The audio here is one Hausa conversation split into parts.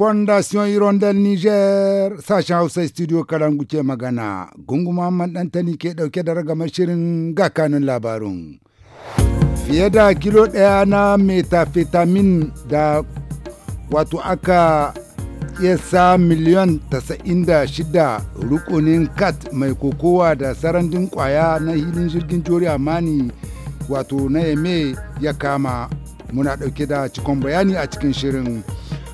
fondation irondel niger sashen hausa studio kalan ke magana gungu muhammad dantani ke dauke da ragamar shirin ga labarun fiye da kilo daya na metafetamin da wato aka yasa miliyan 96 rukunin kat mai kokowa da sarandin kwaya na hilin jirgin jori mani wato na yame ya kama muna dauke da cikon bayani a cikin shirin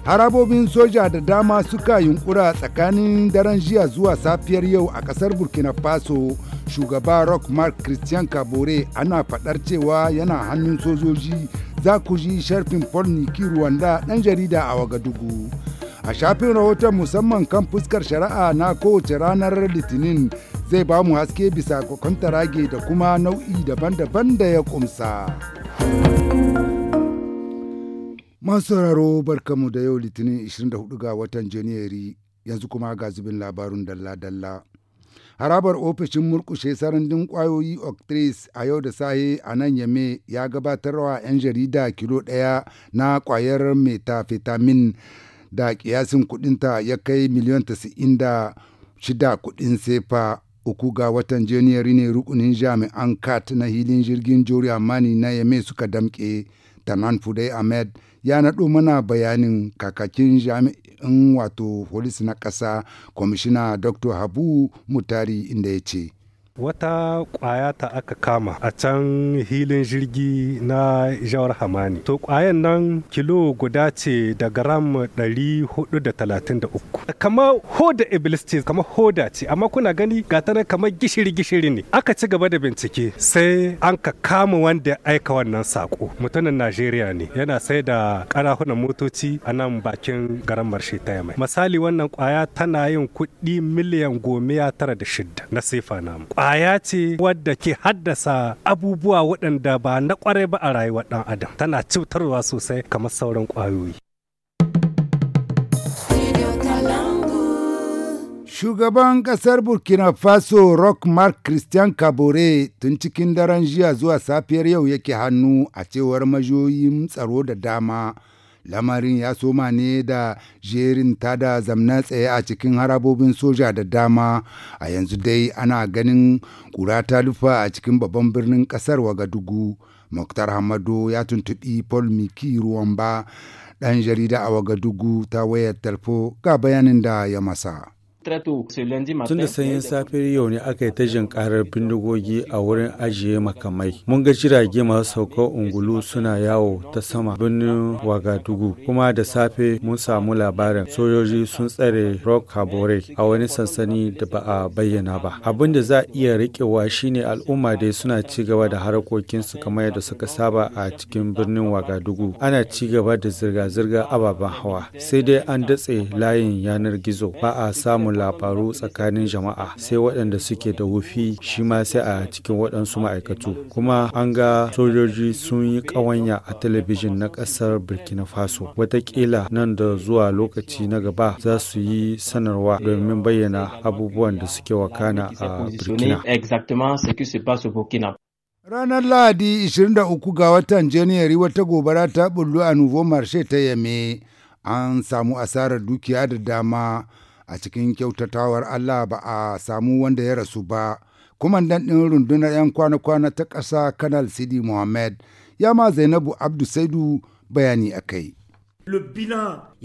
harabobin soja da dama suka yunkura tsakanin daren jiya zuwa safiyar yau a kasar burkina faso shugaba rock mark christian kabore ana fadar cewa yana hannun sojoji za ku ji sharfin paul niki rwanda dan jarida a waga wagadugu a shafin rahoton musamman kan fuskar shari'a na kowace ranar litinin zai ba mu haske bisa rage da kuma nau'i daban-daban da ya kumsa. Masu sauraro barkamu da yau Litinin 24 ga watan Janairu yanzu kuma ga zubin labarun dalla-dalla. Harabar ofishin murkushe sarandin kwayoyi Octris a yau da sahe a nan Yame ya gabatarwa 'yan jarida kilo ɗaya na kwayar metafetamin da kiyasin kudinta ya kai miliyan 96 kudin sefa uku ga watan janairu ne rukunin jami'an kat na hilin jirgin jori amani na yame suka damke tanan fudai ahmed ya naɗo mana bayanin kakakin jami'in wato polis na ƙasa kwamishina dr habu mutari inda ya ce wata kwaya ta aka kama a can hilin jirgi na jawar hamani to kwayan nan kilo guda ce da gram 433 kama hoda iblis ce kama hoda ce amma kuna gani gata nan kamar gishiri gishiri ne aka ci gaba da bincike sai an ka kama wanda ya aika wannan sako mutumin najeriya ne yana sai da karahunan motoci a nan bakin garan marshe ta yamai misali wannan kwaya tana yin kuɗi miliyan gomiya tara da shida na sefa namu ƙwaya ce wadda ke haddasa abubuwa waɗanda ba na ƙwarai ba a rayuwar ɗan adam tana cutarwa sosai kamar sauran ƙwayoyi Shugaban ƙasar Burkina Faso Rock Mark Christian Kabore tun cikin daren jiya zuwa safiyar yau yake hannu a cewar majoyin tsaro da dama lamarin ya soma ne da jerin tada zamna tsaye a cikin harabobin soja da dama a yanzu dai ana ganin kura ta lufa a cikin babban birnin ƙasar wagadugu muktar hamado ya tuntubi paul miki ruwan ba ɗan jarida a wagadugu ta wayar tarfo ga bayanin da ya masa Tun da sanyin safe yau ne aka yi ta jin karar bindigogi a wurin ajiye makamai. Mun ga jirage masu sauka ungulu suna yawo ta sama birnin Wagadugu. Kuma da safe mun samu labarin sojoji sun tsare Rock Habore a wani sansani da ba a bayyana ba. Abin da za a iya riƙewa shine al'umma dai suna ci gaba da harkokinsu kamar yadda suka saba a cikin birnin Wagadugu. Ana ci gaba da zirga-zirga ababen hawa. Sai dai an datse layin yanar gizo ba a samun labaru tsakanin jama'a sai waɗanda suke da wufi shi ma sai a cikin waɗansu ma'aikatu kuma an ga sojoji sun yi ƙawanya a talabijin na ƙasar burkina faso watakila nan da zuwa lokaci na gaba za su yi sanarwa domin bayyana abubuwan da suke wakana a burkina Ranar Lahadi 23 ga watan Janairu wata gobara ta bullo a Nouveau Marché ta Yame, an samu asarar dukiya da dama a cikin kyautatawar Allah ba a samu wanda ya rasu ba kumandan ɗin rundunar 'yan kwana-kwana ta ƙasa kanal sidi mohammed ya ma zainabu abdu saidu bayani a kai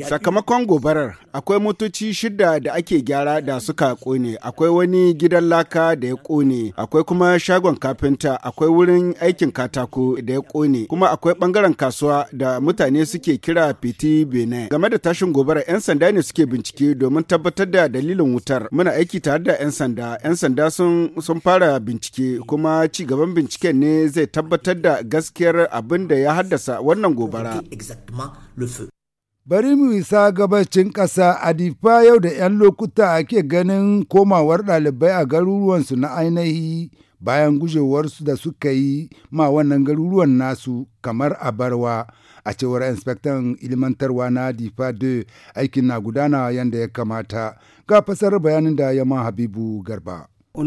Sakamakon gobarar akwai motoci shida da ake gyara da suka kone, akwai wani gidan laka da ya kone, akwai kuma shagon kafinta, akwai wurin aikin katako da ya kone, kuma akwai bangaren kasuwa da mutane suke kira fiti bene. Game da tashin gobarar 'yan sanda ne suke bincike domin tabbatar da dalilin wutar. Muna aiki tare da 'yan sanda, 'yan sanda sun sun fara bincike kuma ci gaban binciken ne zai tabbatar da gaskiyar abin da ya haddasa wannan gobara. Bari mu isa gabacin ƙasa a difa yau da 'yan lokuta ake ganin komawar ɗalibai a garuruwansu na ainihi bayan gujewarsu da suka yi ma wannan garuruwan nasu kamar a barwa a cewar inspektan ilimantarwa na difa da aikin na gudana yadda ya kamata ga fasar bayanin da yamma habibu garba. A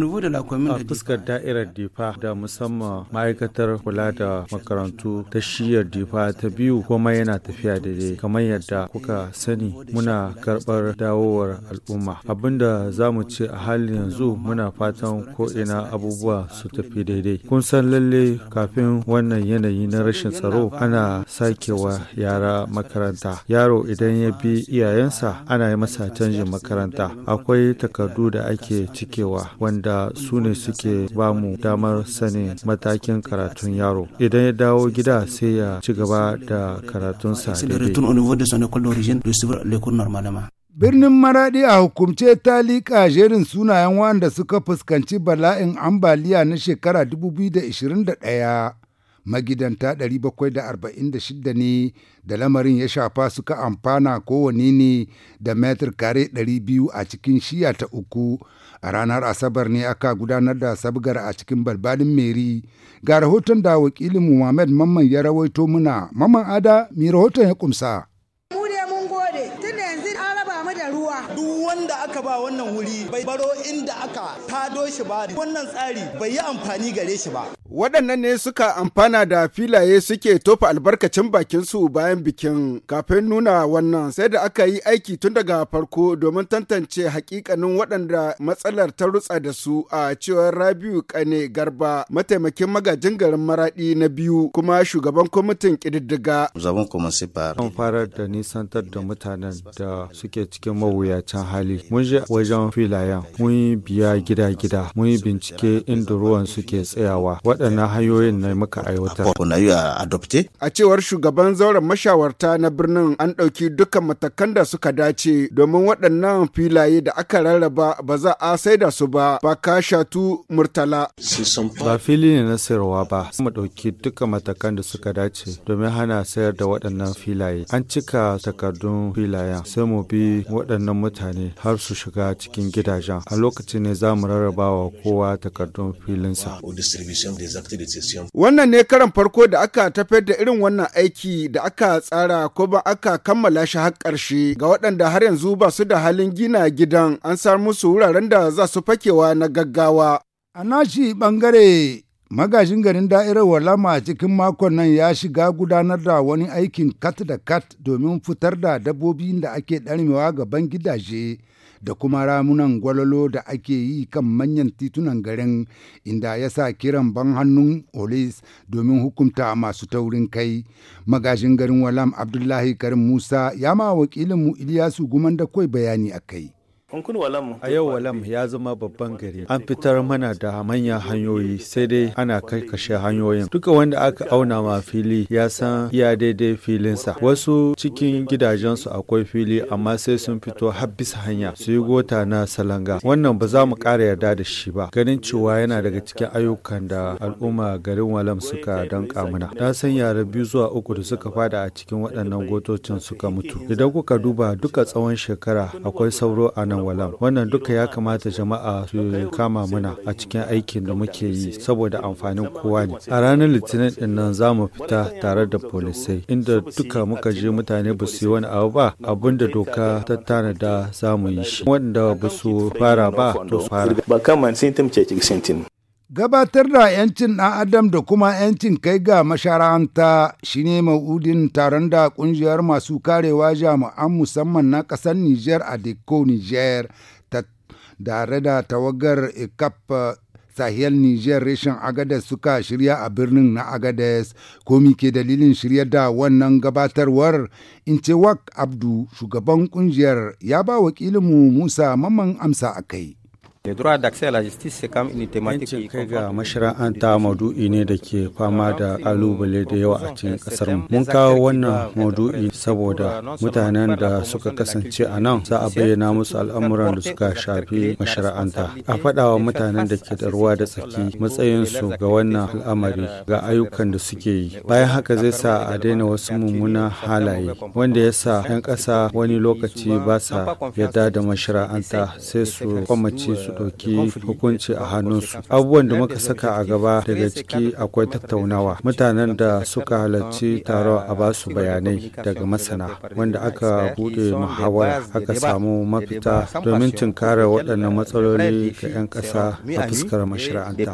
fuskar da'irar difa da musamman ma'aikatar kula da makarantu ta shiyar difa ta biyu kuma yana tafiya daidai kamar yadda kuka sani muna karɓar dawowar al'umma. Abinda za mu ce a halin yanzu muna fatan ko'ina abubuwa su tafi daidai. Kun san lalle kafin wannan yanayi na rashin tsaro ana sakewa yara makaranta. Yaro idan ya bi iyayensa ana yi masa canjin makaranta. Akwai takardu da ake cikewa. wanda su ne suke ba mu damar sanin matakin karatun yaro idan ya dawo gida sai ya ci gaba da karatunsa daidai Birnin Maraɗi a hukumce ta liƙa jerin sunayen wanda suka fuskanci bala'in ambaliya na shekara 2021 magidanta 746 ne da lamarin ya shafa suka amfana kowane ne da metar kare 200 a cikin shiya ta uku a ranar asabar ne aka gudanar da sabgar a cikin balbalin meri ga rahoton da wakilin muhammad mamman ya rawaito muna mamman ada mai rahoton ya kumsa duk wanda aka ba wannan wuri bai baro inda aka tado shi ba wannan tsari bai yi amfani gare shi ba waɗannan ne suka amfana da filaye suke tofa albarkacin bakinsu bayan bikin kafin nuna wannan sai da aka yi aiki tun daga farko domin tantance hakikanin waɗanda matsalar ta rutsa da su a cewar rabiu kane garba mataimakin magajin garin maraɗi na biyu kuma shugaban kwamitin ƙididdiga. an fara da nisantar da mutanen da suke cikin mawuyacin hali mun je wajen filayen mun yi biya gida-gida mun yi bincike inda ruwan suke tsayawa waɗannan hanyoyin ne muka aiwatar. A cewar shugaban zauren mashawarta na birnin an ɗauki dukkan matakan da suka dace domin waɗannan filaye da aka rarraba ba za a saida su ba ba ka shatu murtala. Ba fili ne na sayarwa ba. Mu ɗauki dukkan matakan da suka dace domin hana sayar da waɗannan filaye. An cika takardun filayen sai mu bi waɗannan mutane har su shiga cikin gidajen. A lokacin ne za mu rarraba wa kowa takardun filinsa. Wannan ne karan farko da aka tafiyar da irin wannan aiki da aka tsara ko ba aka kammala shi har ƙarshe ga waɗanda har yanzu ba su da halin gina gidan an sar musu wuraren da za su fakewa na gaggawa. A nashi ɓangare magajin garin da'irar walama cikin makon nan ya shiga gudanar da wani aikin kat da kat domin fitar da dabbobin da ake ɗarmewa gaban gidaje. da kuma ramunan gwalolo da ake yi kan manyan titunan garin inda ya sa kiran ban hannun olis domin hukunta masu taurin kai magajin garin walam abdullahi karim musa ya ma wakilinmu iliyasu guman da bayani a kai A yau Walam ya zama babban gari. An fitar mana da manyan hanyoyi sai dai ana kai kashe hanyoyin. Duka wanda aka auna ma fili ya san iya daidai filinsa. Wasu cikin gidajensu akwai fili amma sai sun fito har bisa hanya su yi gota na salanga. Wannan ba za mu ƙara yarda da shi ba. Ganin cewa yana daga cikin ayyukan da al'umma garin Walam suka danka mana Na san yara biyu zuwa uku da suka fada a cikin waɗannan gotocin suka mutu. Idan kuka duba duka tsawon shekara akwai sauro a nan walam wannan duka ya kamata jama'a su kama muna a cikin aikin da muke yi saboda amfanin kowa ne a ranar litinin din nan za mu fita tare da polisai inda duka muka je mutane ba su yi wani abu ba abin da doka ta tanada za mu yi shi wanda ba su fara ba to fara Gabatar da 'yancin ɗan Adam da kuma 'yancin kai ga mashara'anta shine ma'udin taron da ƙungiyar masu karewa jami'an musamman na ƙasar Nijar a Deko Nijar tare da tawagar ikap e eh, sahiyar Nijar reshen Agades suka shirya a birnin na Agades komi ke dalilin shirya da wannan gabatarwar in Incewak Abdu shugaban ƙungiyar ya ba wakilinmu Musa Maman amsa a kai. Yancin kai ga mashara'anta maudu'i ne da ke fama da kalubale da yawa a cikin kasar mu. Mun kawo wannan maudu'i saboda euh, mutanen da suka kasance a nan za a bayyana musu al'amuran da suka shafi mashara'anta. A faɗawa mutanen da ke da ruwa da tsaki matsayinsu ga wannan al'amari ga ayyukan da suke yi. Bayan haka zai sa a daina wasu mummunan halaye wanda ya sa 'yan ƙasa wani lokaci ba sa yadda da mashara'anta sai su kwamace su euh, ɗauki hukunci a hannunsu abubuwan da muka saka a gaba daga ciki akwai tattaunawa mutanen da suka halarci taro a ba su bayanai daga masana wanda aka buɗe muhawara aka samu mafita domin tunkarar waɗannan matsaloli ga 'yan ƙasa a fuskar mashara'anta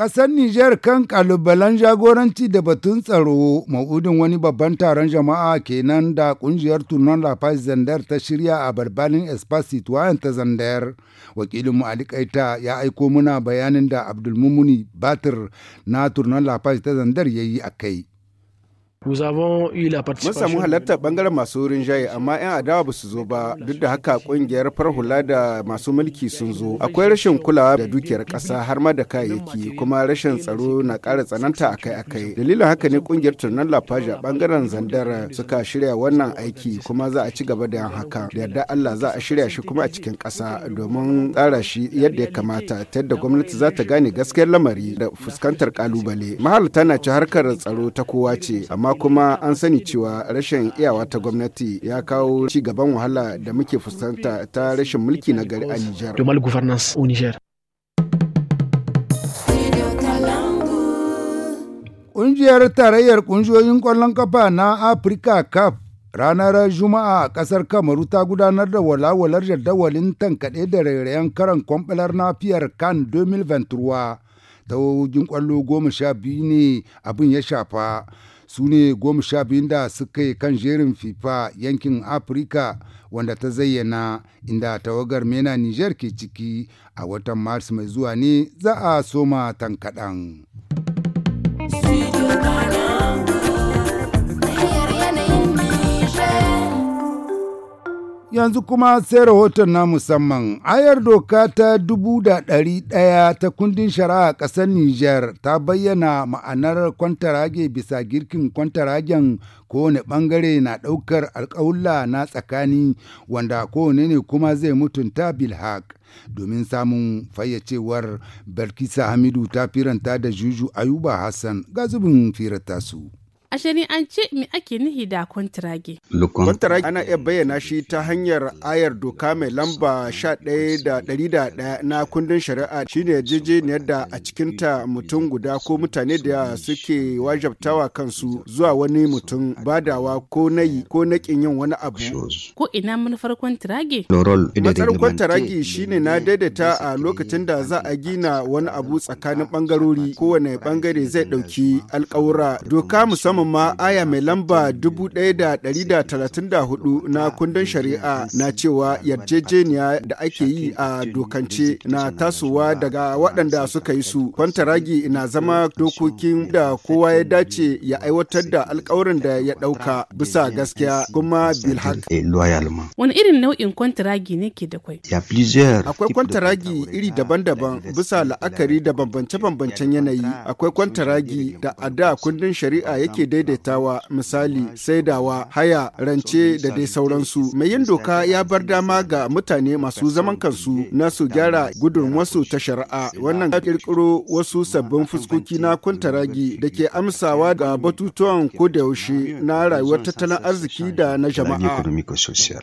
Ƙasar Nijar kan ƙalubalen jagoranci da batun tsaro maudin wani babban taron jama'a kenan da ƙungiyar Tunon Lafaz Zandar ta shirya a barbalin Espacito wayan ta Zandar. wakilin Ali Kaita ya aiko muna bayanin da Abdulmumuni Batir na Tunon Lafaz ta Zandar ya yi a kai. Mun samu halartar bangaren masu rinjaye amma 'yan adawa ba su zo ba duk da haka kungiyar farhula da masu mulki sun zo. Akwai rashin kulawa da dukiyar ƙasa har ma da kayayyaki kuma rashin tsaro na ƙara tsananta akai-akai. Dalilin haka ne kungiyar Turnan Lafaja bangaren Zandara suka shirya wannan aiki kuma za a ci gaba da yan haka. Da yarda Allah za a shirya shi kuma a cikin ƙasa domin tsara shi yadda ya kamata ta yadda gwamnati za ta gane gaskiyar lamari da fuskantar ƙalubale. Mahalarta na ci harkar tsaro ta kowa ce amma amma kuma an sani cewa rashin iyawa ta gwamnati ya kawo ci gaban wahala da muke fuskanta ta rashin mulki na gari a Nijar. Ƙungiyar tarayyar ƙungiyoyin ƙwallon kafa na Afirka CAF ranar Juma'a a ƙasar Kamaru ta gudanar da walawalar jadawalin tankaɗe da rairayen karan kwamfalar nafiyar kan 2023 ta ƙwallo goma sha biyu ne abin ya shafa. su ne goma sha biyun da suka yi kan jerin fifa yankin afirka wanda ta zayyana inda tawagar mena niger ke ciki a watan mars mai zuwa ne za a soma tankaɗan. Yanzu kuma sai rahoton na musamman, ayar doka ta dubu da ɗari ɗaya ta kundin shari'a ƙasar Nijar ta bayyana ma'anar kwantarage bisa girkin kwantaragen kowane ɓangare na ɗaukar alƙawulla na tsakani wanda kowane ne kuma zai mutunta bilhak. Domin samun fayyacewar Balkisa Hamidu ta firanta da Juju Ayuba Hassan ga zubin firata su. A ce me ake nihi da kwantirage? Kwantirage ana iya bayyana shi ta hanyar ayar doka mai lamba 11 da ɗaya na kundin shari'a shine yarjejeniyar da a cikinta mutum guda ko mutane da suke wajabtawa kansu zuwa wani mutum badawa ko nayi ko naƙin yin wani abu. Ko ina manufar kwantirage? Matsalar kwantirage shine na daidaita a lokacin da za a gina wani abu tsakanin bangarori kowane bangare zai ɗauki alƙawura doka musamman musamman ma aya mai lamba 1134 na kundin shari'a na cewa yarjejeniya da ake yi a dokance na tasowa daga waɗanda suka yi su kwantaragi na zama dokokin da kowa ya dace ya aiwatar da alkawarin da ya ɗauka bisa gaskiya kuma bilhak. Wani irin nau'in kwantaragi ne ke da kwai? Akwai kwantaragi iri daban-daban bisa la'akari da bambance-bambancen yanayi. Akwai kwantaragi da a da kundin shari'a yake daidaitawa misali saidawa haya rance da dai sauransu mai yin doka ya bar dama ga mutane masu zaman kansu na su gyara gudunmuwarsu ta shari'a wannan ya kirkiro wasu sabbin fuskoki na kuntaragi da ke amsawa ga batutuwan yaushe na rayuwar tattalin arziki da na jama'a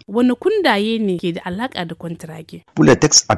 wani kundaye ne ke da alaka da kwantarage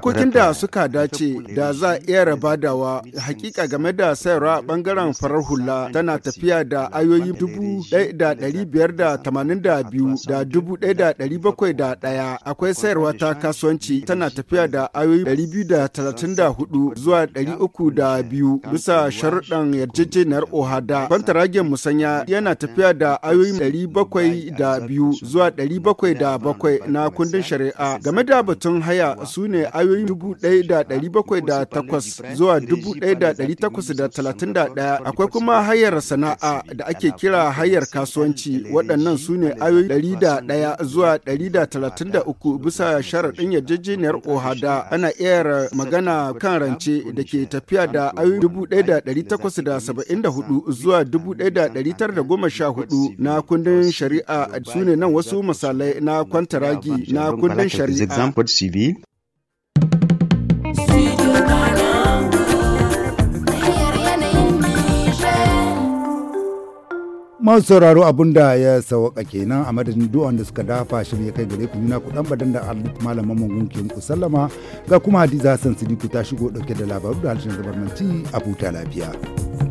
kokin da suka dace da za a iya rabadawa hakika game da sayarwa bangaren farar hula tana tafiya da ayoyi miliyoyi dubu da ɗari biyar da tamanin da biyu da dubu da bakwai da akwai sayarwa ta kasuwanci tana tafiya da ayoyi 234 biyu da talatin da hudu zuwa 302 uku da biyu bisa sharuɗan yarjejeniyar ohada kwantaragen musanya yana tafiya da ayoyi 702 bakwai da biyu zuwa 707 bakwai da bakwai na kundin shari'a game da batun haya su ne ayoyi dubu da bakwai da takwas zuwa dubu da takwas da talatin da akwai kuma hayar sana'a da ake ake kira hayar kasuwanci waɗannan su ne ayoyi 101 zuwa 133 bisa sharaɗin yarjejeniyar ohada ana iya magana kan rance da ke tafiya da ayoyi 1874 zuwa 1914 na kundin shari'a su ne nan wasu misalai na kwantaragi na kundin shari'a. masu sauraro abun da ya sauka kenan a madadin duk da suka dafa shi ya kai gare ku nuna ku dan badan da malaman mun ke ku sallama ga kuma hadiza hassan sidiku ta shigo dauke da labaru da harshen zabarmanci a huta lafiya.